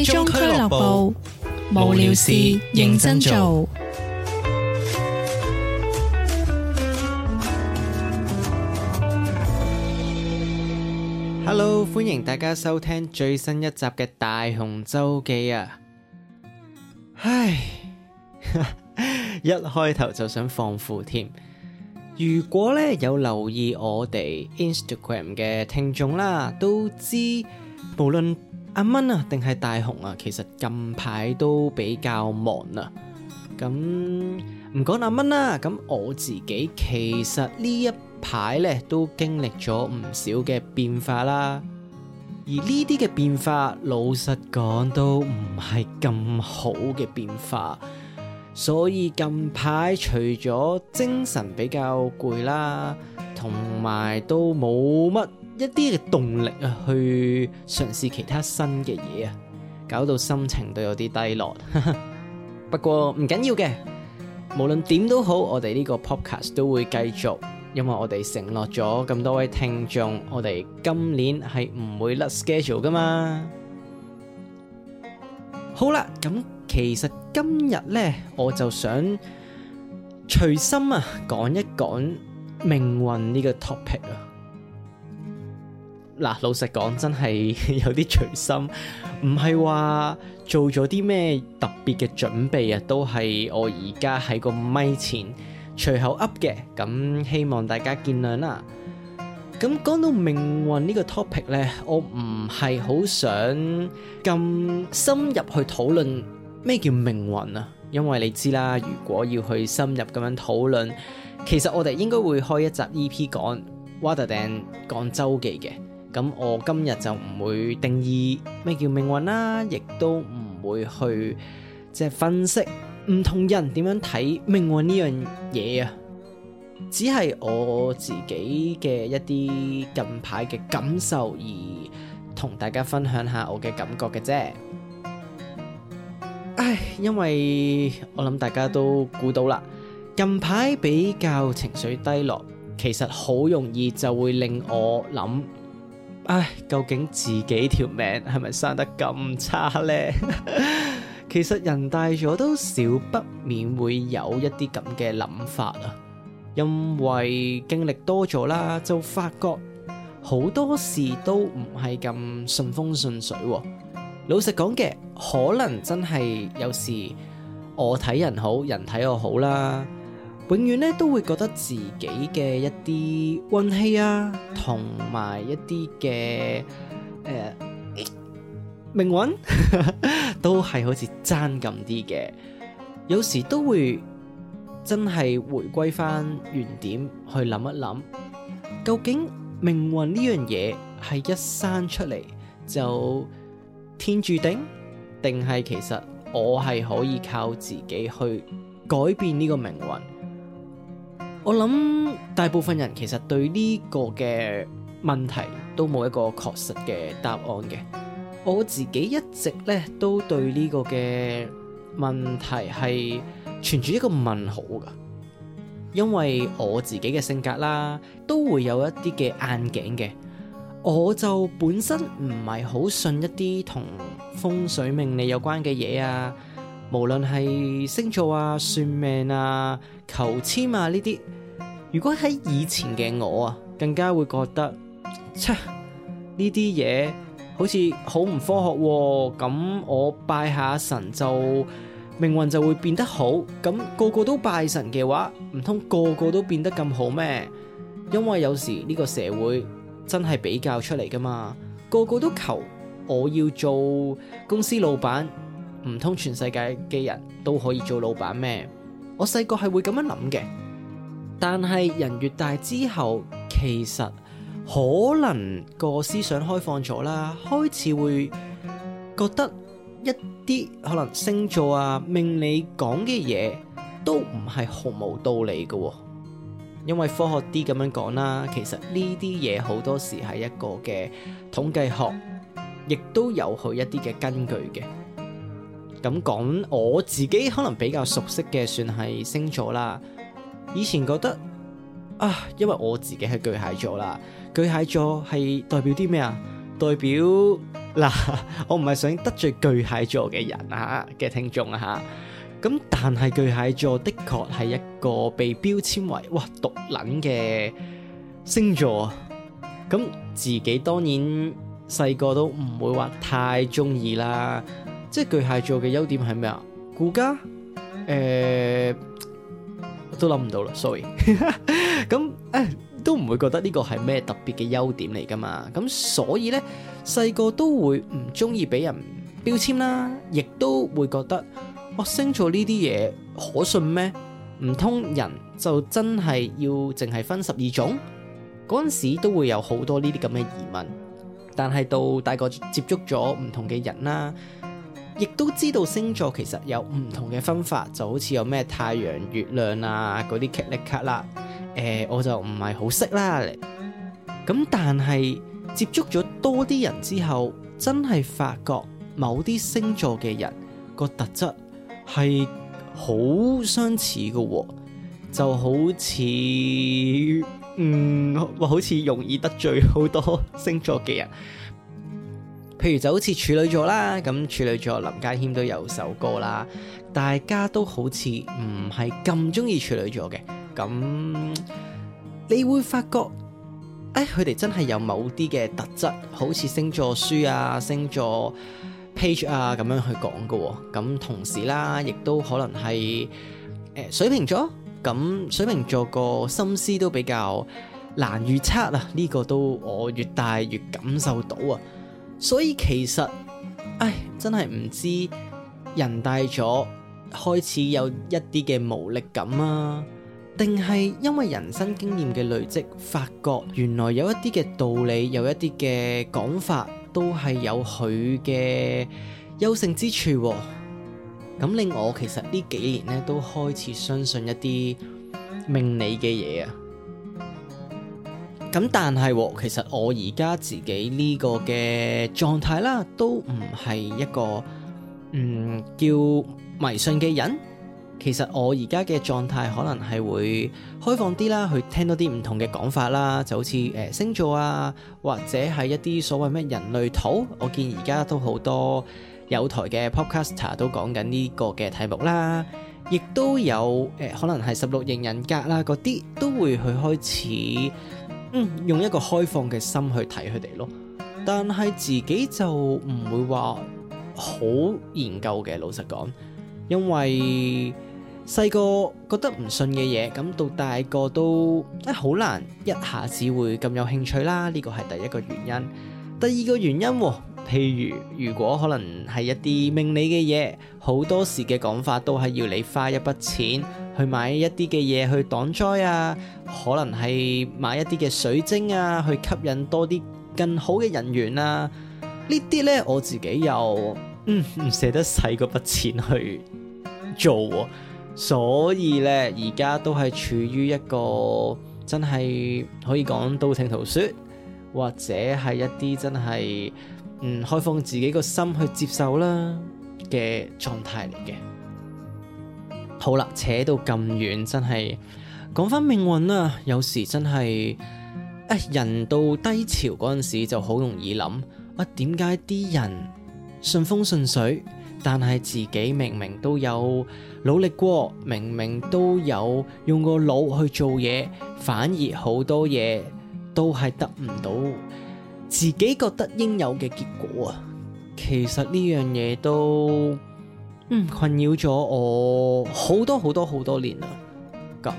最終俱樂部，無聊事認真做。Hello，歡迎大家收聽最新一集嘅《大雄周記》啊！唉，一開頭就想放負添。如果呢有留意我哋 Instagram 嘅聽眾啦，都知無論。阿蚊啊，定係大雄啊？其實近排都比較忙啊。咁唔講阿蚊啦，咁我自己其實呢一排咧都經歷咗唔少嘅變化啦。而呢啲嘅變化，老實講都唔係咁好嘅變化。所以近排除咗精神比較攰啦，同埋都冇乜。一啲嘅動力啊，去嘗試其他新嘅嘢啊，搞到心情都有啲低落。不過唔緊要嘅，無論點都好，我哋呢個 podcast 都會繼續，因為我哋承諾咗咁多位聽眾，我哋今年係唔會甩 schedule 噶嘛。好啦，咁其實今日呢，我就想隨心啊，講一講命運呢個 topic 啊。嗱，老實講真係有啲隨心，唔係話做咗啲咩特別嘅準備啊，都係我而家喺個咪前隨口噏嘅，咁希望大家見諒啦。咁講到命運呢個 topic 呢，我唔係好想咁深入去討論咩叫命運啊，因為你知啦，如果要去深入咁樣討論，其實我哋應該會開一集 EP 講 Water Deng 講周記嘅。咁我今日就唔會定義咩叫命運啦，亦都唔會去即係分析唔同人點樣睇命運呢樣嘢啊，只係我自己嘅一啲近排嘅感受，而同大家分享下我嘅感覺嘅啫。唉，因為我諗大家都估到啦，近排比較情緒低落，其實好容易就會令我諗。唉，究竟自己條命係咪生得咁差呢？ 其實人大咗都少不免會有一啲咁嘅諗法啊，因為經歷多咗啦，就發覺好多事都唔係咁順風順水喎。老實講嘅，可能真係有時我睇人好，人睇我好啦。永遠咧都會覺得自己嘅一啲運氣啊，同埋一啲嘅誒命運 都係好似爭咁啲嘅。有時都會真係回歸翻原點去諗一諗，究竟命運呢樣嘢係一生出嚟就天注定，定係其實我係可以靠自己去改變呢個命運？我諗大部分人其實對呢個嘅問題都冇一個確實嘅答案嘅。我自己一直呢都對呢個嘅問題係存住一個問號㗎，因為我自己嘅性格啦，都會有一啲嘅硬頸嘅。我就本身唔係好信一啲同風水命理有關嘅嘢啊，無論係星座啊、算命啊、求簽啊呢啲。如果喺以前嘅我啊，更加會覺得，切呢啲嘢好似好唔科學，啊，咁我拜下神就命運就會變得好，咁個個都拜神嘅話，唔通個個都變得咁好咩？因為有時呢個社會真係比較出嚟噶嘛，個個都求我要做公司老闆，唔通全世界嘅人都可以做老闆咩？我細個係會咁樣諗嘅。但係人越大之後，其實可能個思想開放咗啦，開始會覺得一啲可能星座啊、命理講嘅嘢都唔係毫無道理嘅喎。因為科學啲咁樣講啦，其實呢啲嘢好多時係一個嘅統計學，亦都有佢一啲嘅根據嘅。咁講我自己可能比較熟悉嘅，算係星座啦。以前覺得啊，因為我自己係巨蟹座啦，巨蟹座係代表啲咩啊？代表嗱，我唔係想得罪巨蟹座嘅人啊，吓嘅聽眾啊，吓。咁但係巨蟹座的確係一個被標籤為哇毒撚嘅星座，咁自己當然細個都唔會話太中意啦。即係巨蟹座嘅優點係咩啊？顧家，誒。都諗唔到啦，sorry。咁誒都唔會覺得呢個係咩特別嘅優點嚟噶嘛？咁所以呢，細個都會唔中意俾人標籤啦，亦都會覺得我星座呢啲嘢可信咩？唔通人就真係要淨係分十二種？嗰陣時都會有好多呢啲咁嘅疑問，但係到大個接觸咗唔同嘅人啦。亦都知道星座其實有唔同嘅分法，就好似有咩太陽、月亮啊，嗰啲劇力卡啦。誒、呃，我就唔係好識啦。咁但係接觸咗多啲人之後，真係發覺某啲星座嘅人個特質係好相似嘅喎，哦，就好似嗯，好似容易得罪好多星座嘅人。譬如就好似處女座啦，咁處女座林家謙都有首歌啦，大家都好似唔係咁中意處女座嘅，咁你會發覺，哎佢哋真係有某啲嘅特質，好似星座書啊、星座 page 啊咁樣去講嘅喎，咁同時啦，亦都可能係誒、欸、水瓶座，咁水瓶座個心思都比較難預測啊，呢、呢個都我越大越感受到啊。所以其實，唉，真係唔知人大咗開始有一啲嘅無力感啊，定係因為人生經驗嘅累積，發覺原來有一啲嘅道理，有一啲嘅講法都係有佢嘅優勝之處啊。咁令我其實呢幾年咧，都開始相信一啲命理嘅嘢啊。咁但係，其實我而家自己呢個嘅狀態啦，都唔係一個嗯叫迷信嘅人。其實我而家嘅狀態可能係會開放啲啦，去聽多啲唔同嘅講法啦，就好似誒、呃、星座啊，或者係一啲所謂咩人類圖。我見而家都好多有台嘅 podcaster 都講緊呢個嘅題目啦，亦都有誒、呃、可能係十六型人格啦，嗰啲都會去開始。嗯，用一個開放嘅心去睇佢哋咯，但係自己就唔會話好研究嘅。老實講，因為細個覺得唔信嘅嘢，咁到大個都，好難一下子會咁有興趣啦。呢個係第一個原因，第二個原因喎，譬如如果可能係一啲命理嘅嘢，好多時嘅講法都係要你花一筆錢。.去買一啲嘅嘢去擋災啊，可能係買一啲嘅水晶啊，去吸引多啲更好嘅人緣啦、啊。呢啲咧我自己又唔捨、嗯、得使嗰筆錢去做、啊，所以咧而家都係處於一個真係可以講道聽途說，或者係一啲真係唔、嗯、開放自己個心去接受啦嘅狀態嚟嘅。好啦，扯到咁遠，真係講翻命運啊，有時真係，人到低潮嗰陣時就好容易諗，啊，點解啲人順風順水，但係自己明明都有努力過，明明都有用個腦去做嘢，反而好多嘢都係得唔到自己覺得應有嘅結果啊。其實呢樣嘢都。嗯，困擾咗我好多好多好多年啦。咁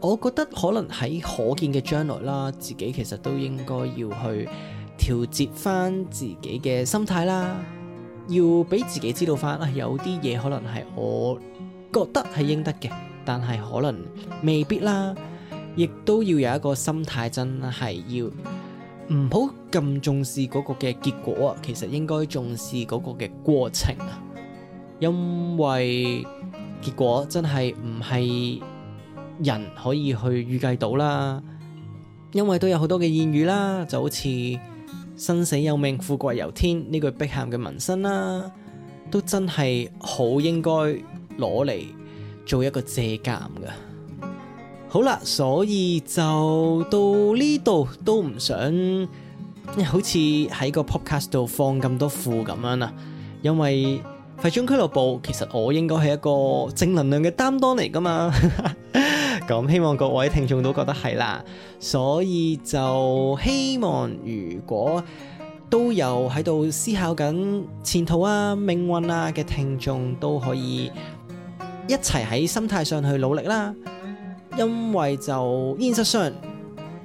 我覺得可能喺可見嘅將來啦，自己其實都應該要去調節翻自己嘅心態啦。要俾自己知道翻啦，有啲嘢可能係我覺得係應得嘅，但係可能未必啦。亦都要有一個心態，真係要唔好咁重視嗰個嘅結果啊。其實應該重視嗰個嘅過程。因為結果真係唔係人可以去預計到啦，因為都有好多嘅諺語啦，就好似生死有命、富貴由天呢句碧咸嘅紋身啦，都真係好應該攞嚟做一個借鑒噶。好啦，所以就到呢度都唔想好似喺個 podcast 度放咁多負咁樣啦，因為。大中俱樂部，其實我應該係一個正能量嘅擔當嚟噶嘛， 咁希望各位聽眾都覺得係啦，所以就希望如果都有喺度思考緊前途啊、命運啊嘅聽眾，都可以一齊喺心態上去努力啦，因為就現實上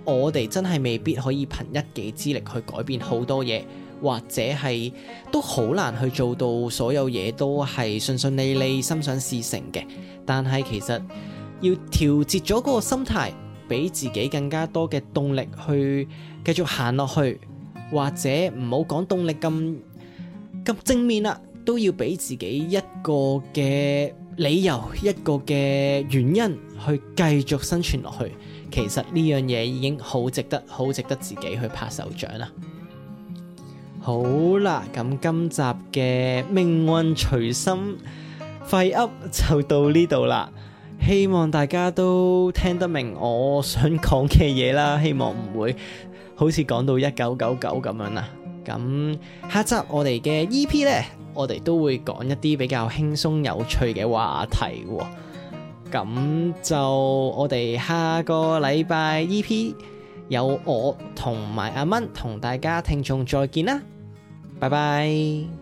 我哋真係未必可以憑一己之力去改變好多嘢。或者係都好難去做到所有嘢都係順順利利、心想事成嘅。但係其實要調節咗個心態，俾自己更加多嘅動力去繼續行落去，或者唔好講動力咁咁正面啦，都要俾自己一個嘅理由、一個嘅原因去繼續生存落去。其實呢樣嘢已經好值得、好值得自己去拍手掌啦。好啦，咁今集嘅命運隨心廢 Up 就到呢度啦。希望大家都聽得明我想講嘅嘢啦。希望唔會好似講到一九九九咁樣啦。咁下集我哋嘅 EP 呢，我哋都會講一啲比較輕鬆有趣嘅話題。咁就我哋下個禮拜 EP 有我同埋阿蚊同大家聽眾再見啦。拜拜。